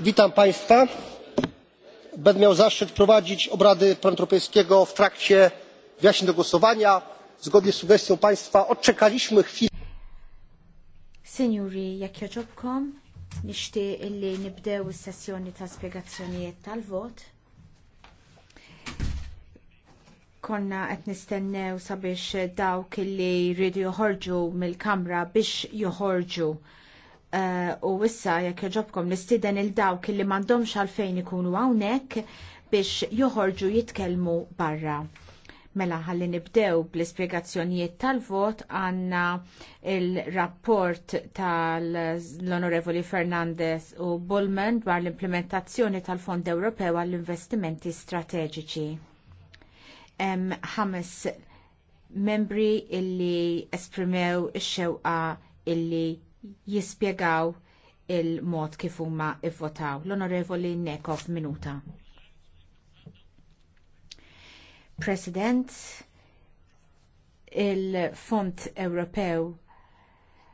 witam państwa będę miał zaszczyt prowadzić obrady parlamentu europejskiego w trakcie wyjaśnień do głosowania. zgodnie z sugestią państwa odczekaliśmy chwilę Sinjuri, jekk joġobkom, nixtieq illi nibdew is-sessjoni ta' spjegazzjonijiet tal-vot. Konna qed nistennew sabiex dawk li jridu joħorġu mill-Kamra biex joħorġu. Eh, u wissa jekk joġobkom nistiden il-dawk li m'għandhomx għalfejn ikunu hawnhekk biex joħorġu jitkellmu barra. Mela ħalli nibdew bl-ispjegazzjonijiet tal-vot għanna il-rapport tal-Onorevoli Fernandez u Bullman dwar l-implementazzjoni tal-Fond Ewropew għall-investimenti strateġiċi. ħames membri illi esprimew ix-xewqa illi jispjegaw il-mod kif huma ivvotaw. L-Onorevoli Nekov minuta. President, il-Fond Ewropew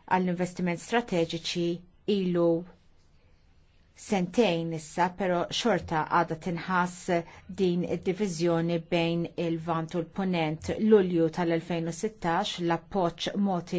għall-investiment strateġiċi ilu sentejn issa, pero xorta għada tinħass din id-diviżjoni bejn il-vant u l-ponent Lulju tal-2016 l-appoċ moti